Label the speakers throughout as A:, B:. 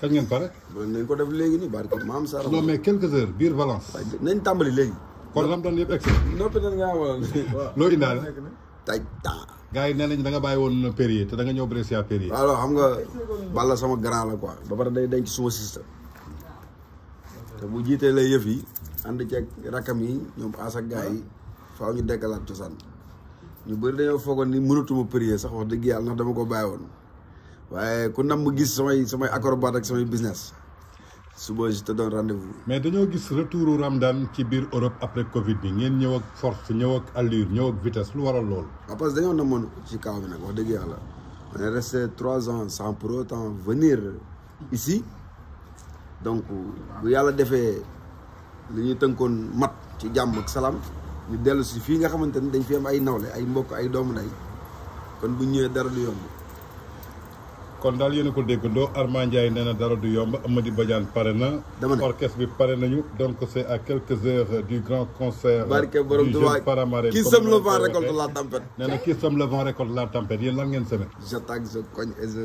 A: kañ ngeen pare. nañ ko def léegi nii barke maam Sara. non mais quelques heures biir Valence. nañ tàmbali léegi. kon lam doon yëpp egg si. noppi nan ngaa waral. waaw loo indaale. taj
B: taa. yi nee nañ da nga bàyyi woon Perrier te da nga ñëw Brescia Perrier. alors
A: xam nga Balla sama grand la quoi. ba pare day denc suma système. te bu jiitee lay yëf yi. ànd ceeg rakam yi ñoom asak gars yi faaw ñu dekkalaat cosaan ñu bëri dañoo foogoon ni mënatuma Perrier sax wax dëgg yàlla ndax dama ko bàyyi woon. waaye ku nam mu gis samay samay acrobat ak samay business suba je te donne rendez-vous.
B: mais dañoo gis retouru Ramdan ci biir Europe après Covid bi ngeen ñëw ak force ñëw ak allure ñëw ak vitesse lu waral loolu.
A: waaw parce que dañoo namoon ci kaw bi nag wax dëgg yàlla on est resté trois ans sans pour autant venir ici donc bu yàlla defee li ñu tënkoon mat ci jàmm ak salaam ñu dellu si fii nga xamante ni dañ fi am ay nawle ay mbokk ay doomu nday kon bu ñëwee dara du yomb.
B: kon dal yéen ko déggandoo Arma Ndiaye nee na dara du yomb Amady Badiane pare na. orchestre bi pare donc c'est à quelques heures du grand concert. barke borom Tuubaa Paramaré qui sème le vent récolte
A: la tempête. neena ki
B: qui le vent récolte la tempête yéen lan ngeen semé.
A: j'attaque je cogne et je.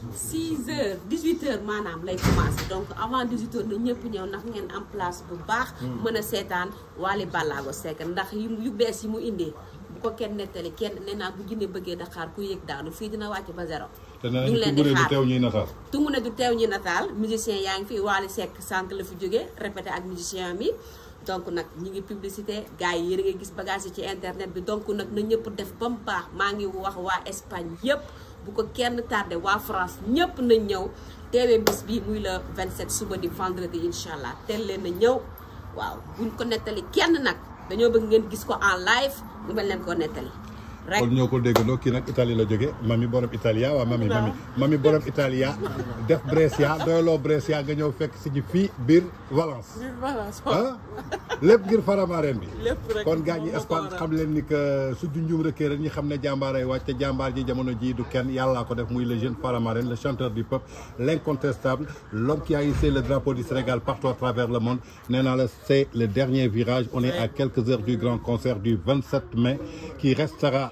C: 6 heures 18 heures maanaam lay commencé donc avant 18 heures na ñëpp ñëw ndax ngeen am place bu baax. Hmm. mën a seetaan Wally Ballago Seck ndax yu bees yi mu indee bu ko kenn nettali kenn nee naa bu jinne bëggee Dakar ku yëg daanu fii dina wàcc ba zéro. ñu ngi leen di xaar teew ñuy nataal. tungu ne du teew ñuy nataal musicien yaa ngi fi Wally Seck sànq la fi jógee répété ak musicien mi. donc nag ñi ngi publicité gars yi yéen a gis bagage yi ci internet bi donc nag na ñëpp def ba maa ngi wax waa Espagne yëpp. bu ko kenn tardé waa France ñëpp nañ ñëw teewee bis bi muy le 27 suba di vendredi incha allah teel leen na ñëw waaw buñ ko nettali kenn nag dañoo bëgg ngeen gis ko en live ñu bañ leen ko nettali. kon
B: ñoo ko déggandoo kii nag Italie la jóge mami borom Italia waa mami mami mami borom Italia def Brescia doyloo Brescia nga ñëw fekk si ji fii Valence ah lépp ngir Faramareen bi kon gaañ ñi Espagne xam leen ni que su junjum rëkkee rek ñi xam ne jàmbaaray wàcc te jàmbaar ji jamono ji du kenn yàllaa ko def muy le jeune Faramareen le chanteur du peuple l'incontestable l'homme qui a hissé le drapeau du Sénégal partout à travers le monde nee la c'est le dernier virage on est à quelques heures du grand concert du 27 mai qui restera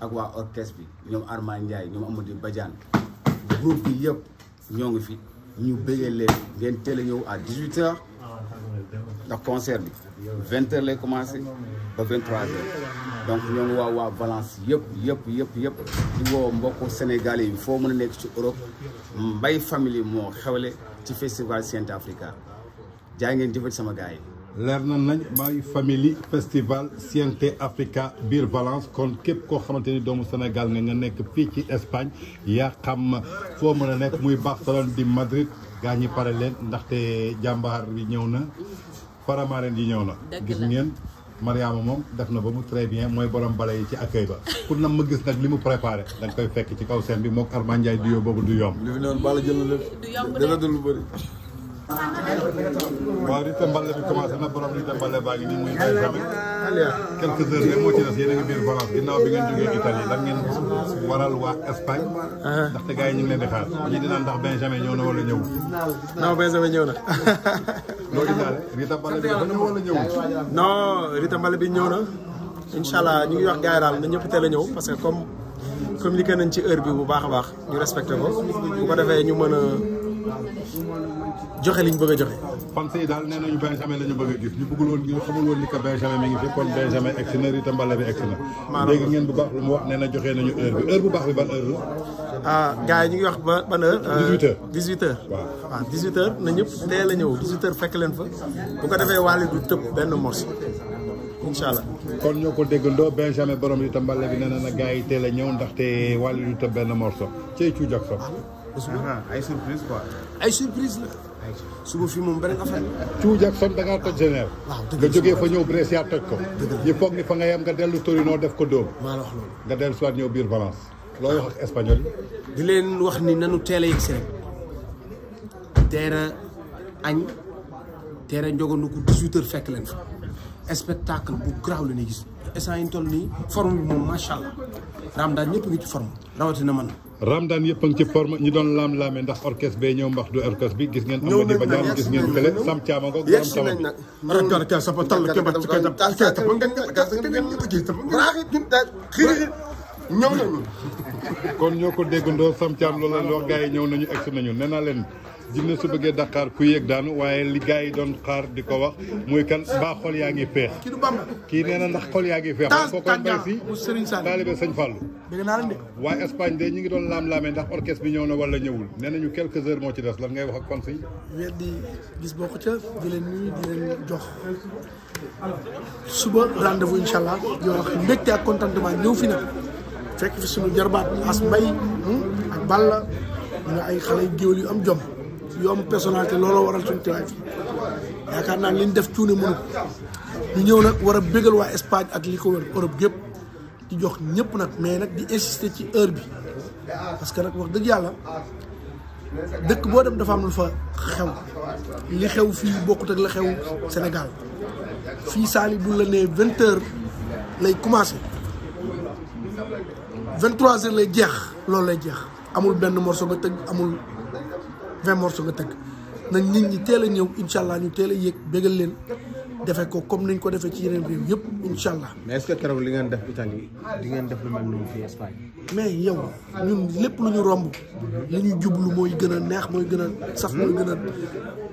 A: ak waa orchestre bi ñoom Arma Ndiaye ñoom Amadou Badiane groupe bi yëpp ñoo ngi fi ñu bëggee leen ngeen teel a ñëw à 18 ndax concert bi 20h lay commencé ba 23h donc ñoo ngi waa waa Valence yëpp yëpp yëpp yëpp di woo mbokku sénégalais yi foo mun a nekk ci Europe Mbaye Family moo xewle ci festival Saint Africa jaay ngeen jëfati sama gars yi.
B: lernan nañ maay family festival Siente Africa Bir Valence kon képp ko xamanteni doomu Sénégal nga nga nekk fii ci Espagne ya xam fo mën nek muy Barcelone di Madrid gañi ñi ndaxte jambar wi ñewna na Faramaren yi ñëw gis ngeen Mariama mom def na ba mu très bien moy borom balay ci accueil ba ku nam ma gis nak limu mu préparé da koy fekk ci kaw seen bi mook Armand Ndiaye du yo bobu du yom
A: li fi noonu Balla jël na
C: lépp dana dul lu bari waaw
B: Rita Mballe bi commencé na borom Rita Mballe baa ngi nii muy ay tamit quelques heures rek moo ci a ngi biir Valence ginnaaw bi ngeen jógee Italie lan ngeen waral waa Espagne. Ah. ndaxte gars yi ñu ngi leen di xaar ñii di naan ndax Benjamin ñëw na wala ñëwul. non Benjamin ñëw na. loolu daal
C: Rita Mballe bi ñëw na incha allah ñu ngi wax yi daal na ñëpp teel ñëw parce que comme communiqué nañ ci heure bi bu baax a baax ñu respecté ko bu ko defee ñu mën joxe liñ bëgg a joxe. fan si daal nee
B: nañu Benjamin la bëgg a ñu bëggul woon ñu xamul woon ni que Benjamin mi ngi fi kon Benjamin egg si na Rita Mbala bi egg si na. dégg ngeen bu baax lu mu wax nee na joxe nañu heure bi heure bu baax bi ban heure Ah gaay yi ñu ngi wax
C: ba ban heure. 18h euh, 18h. waaw 18h ah, na ñëpp teel a ñëw 18h fekk leen fa bu ko defee wàllu du tëb benn morceau. incha allah kon ñoo ko déggandoo Benjamin
B: borom Rita Mbala bi nee na na gars yi teel a ñëw ndaxte wàllu du tëb benn morceau cey cu Jackson suba ay ah, surprise quoi.
A: ay surprise la.
B: suba fii moom beneen affaire la. Hugh Jackson da ngaa toj Genève.
C: Ah, nga jógee fa ñëw
B: Brescia toj ko. ñu foog ni fa nga yem nga dellu Torino def ko dóom. maa la wax loolu. nga dellu soit ñëw biir Valence. looy wax ak espagnol di leen wax ni nanu
A: teel a yegg si rek. teel a añ teel a njogandu ko 18 heures fekk leen fa. spectacle bu garaaw la ñuy gis. instant yi toll nii forme bi moom macha allah Ramadane ñëpp ngi ci forme rawatina man. Ramadane daan a ngi ci forme
B: ñu doon laam-laamee ndax orchestre bee ñëw mbax du orchestre bi gis ngeen. ñëw nañ nag yegg si nañ Sam Thiam ak yegg
C: si nañ nag.
A: maanaam kàlla kàlla sàmm tàll kii ba ci kon ñoo ko déggandoo Sam Thiam loolu la wax
B: gars yi ñëw nañu egsi nañu nee naa leen jinne su bëggee Dakar ku yéeg daanu waaye li gars yi doon xaar di ko wax muy kan baa xol yaa ngi feex kii nee na ndax xol yaa ngi feex boo ko mbay si taalibe sëñ Fallou waaye Espagne de ñi ngi doon laam-laamee ndax orchestre bi ñëw na wala ñëwul nee nañu quelques heures moo ci des lan ngay wax ak fans yi
C: weddi gis boo ko ca di leen nuyu di leen jox suba rendez-vous incha allah di fi nag fekk fi suñu jarbaat as mbay ak Balla ñu ay xale géwél yu am jom yu am personnalité looloo waral suñu teewaay fi yaakaar naa liñ def cuune mënu ñu ñëw nag war a bégal waa Espagne ak li ko wër Europe gépp di jox ñëpp nag mais nag di insister ci heure bi parce que nag wax dëgg yàlla dëkk boo dem dafa am lu fa xew li xew fii bokkut ak la xew Sénégal fii saali bu la nee 20 heures lay commencé vingt 23 heures lay jeex loolu lay jeex amul benn morceau nga tëgg amul vingt morceau nga tëgg nag nit ñi teel a ñëw incha allah ñu teel a yéeg bégal leen defee ko comme niñ ko defee ci yeneen réew yëpp incha allah.
A: mais est ce que keroog li ngeen def Italie di ngeen def lu mel noonu fii Espagne.
C: mais yow ñun lépp lu ñu romb li ñu jublu mooy gën a neex mooy gën a saf mooy gën a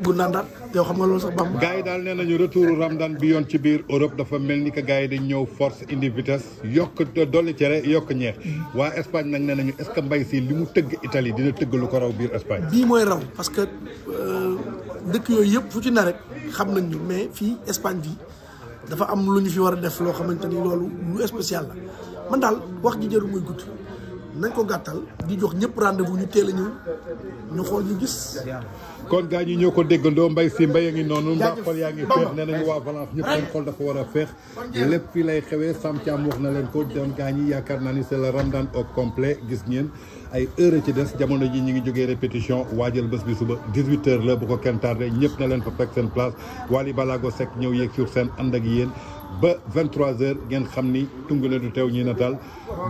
C: bu nandaat yow xam nga loolu sax baax na. gars
B: yi daal nee nañu retour Ramadan bi yoon ci biir Europe dafa mel ni que gars yi dañ ñëw force indi vitesse yokk dolli cere yokk ñeex waa Espagne nag nee nañu est ce que mbay sii li mu tëgg Italie dina tëgg lu ko raw biir Espagne.
C: bii mooy parce que euh, dëkk yooyu yëpp fu ci na xam nañ ñu mais fii Espagne bi dafa am lu ñu fi war a def loo xamante ni loolu lu spécial la man daal wax ji jarul muy gudd. nañ ko gàttal di jox ñëpp rendez-vous ñu teel a ñëw
B: ñu xool ñu gis. kon gaa ñi ñoo ko déggandoo mbay si mbay a ngi noonu. mbaa xol yaa ngi feex nee nañu waa Valence ñëpp seen xol dafa war a feex. lépp fi lay xewee Sam Thiam wax na leen ko dem gaa ñi yaakaar naa ni c'est le ramadan au complet gis ngeen ay heure ci des jamono ji ñu ngi jógee répétition waajal bés bi suba 18h la bu ko kenn tardé ñëpp na leen fa fekk seen place Wally Balago Seck ñëw yeeg sur scène ànd ak yéen. ba 23h ngeen xam ni na du teew ñi nataal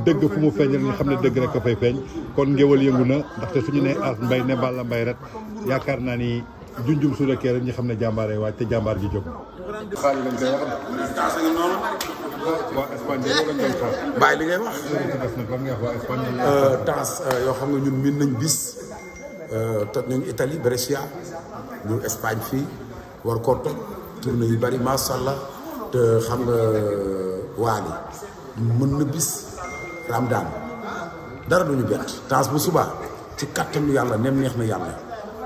B: dëgg fu mu feeñ rek ñu xam ne dëgg rek a fay feeñ kon ngéwal yëngu na ndaxte suñu ne Ass Mbaye ne Balla mbay rek yaakaar naa ni junjum su rekkee rek xam ne jàmbaaree waaj te jàmbaar gi jóg. xaalis lañ koy wax waa Espagne lañ
A: li ngay wax. temps euh, euh, yoo xam ne ñun nañ bis euh, toj nañu Italie Brescia ñu Espagne fi war koo tournée yu bari macha xam nga waali mën na bis ramdaan dara duñu bett taas bu subaa ci kattanu yàlla nem neex na yàlla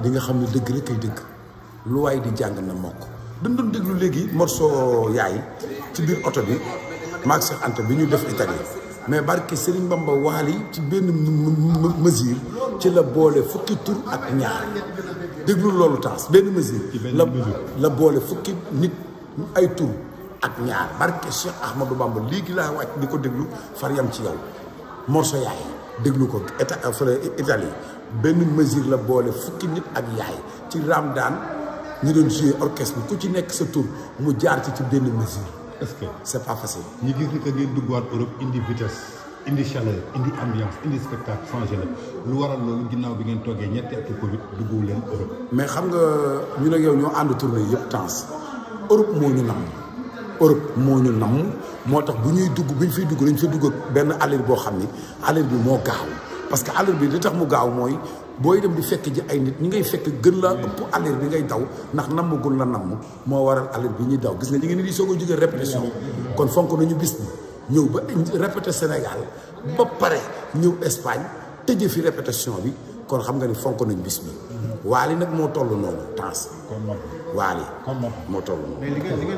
A: di nga xam ne dëgg rek ay dëgg lu waay di jàng na mokk dañ doon déglu léegi morceau yaay ci biir oto bi maag Cheikh Anta bi ñu def Italie mais barke Serigne Bamba waali ci benn mesure ci la boole fukki tur ak ñaar déglu loolu taas benn mesure la la boole fukki nit ay tur ak ñaar barke Cheikh Ahmadou lii léegi laa wàcc di ko déglu far yam ci yow morso yaay déglu ko état euh, fële Italie benn mesure la boole fukki nit ak yaay ci daan ñu doon joué orchestre ku ci nekk sa tur mu jaar ci ci benn mesure. est-ce que c'est pas facile. ñu gis ni que ngeen duggaat Europe
B: indi vitesse indi chaleur indi ambiance indi spectacle changé la lu waral loolu ginnaaw bi ngeen
A: toogee ñetti atu Covid duggu leen Europe. mais xam nga ñu ne yow ñoo yëpp temps Europe moo ñu nam Europe moo ñu nam moo tax bu ñuy dugg bu ñu fiy dugg dañu fi dugg benn allure boo xam ni allure bi moo gaaw parce que allure bi li tax mu gaaw mooy booy dem di fekk ji ay nit ñi ngay fekk gën laa ëpp allure bi ngay daw ndax namm gun la namm moo waral allure bi ñuy daw gis nga ñi ngeen di soog a jógee répétition kon fonk nañu bis ni ñëw ba répété Sénégal ba pare ñëw Espagne tëjee fi répétition bi kon xam nga ni fonk nañ bis bi waali nag moo tollu noonu temps waali moo toll noonu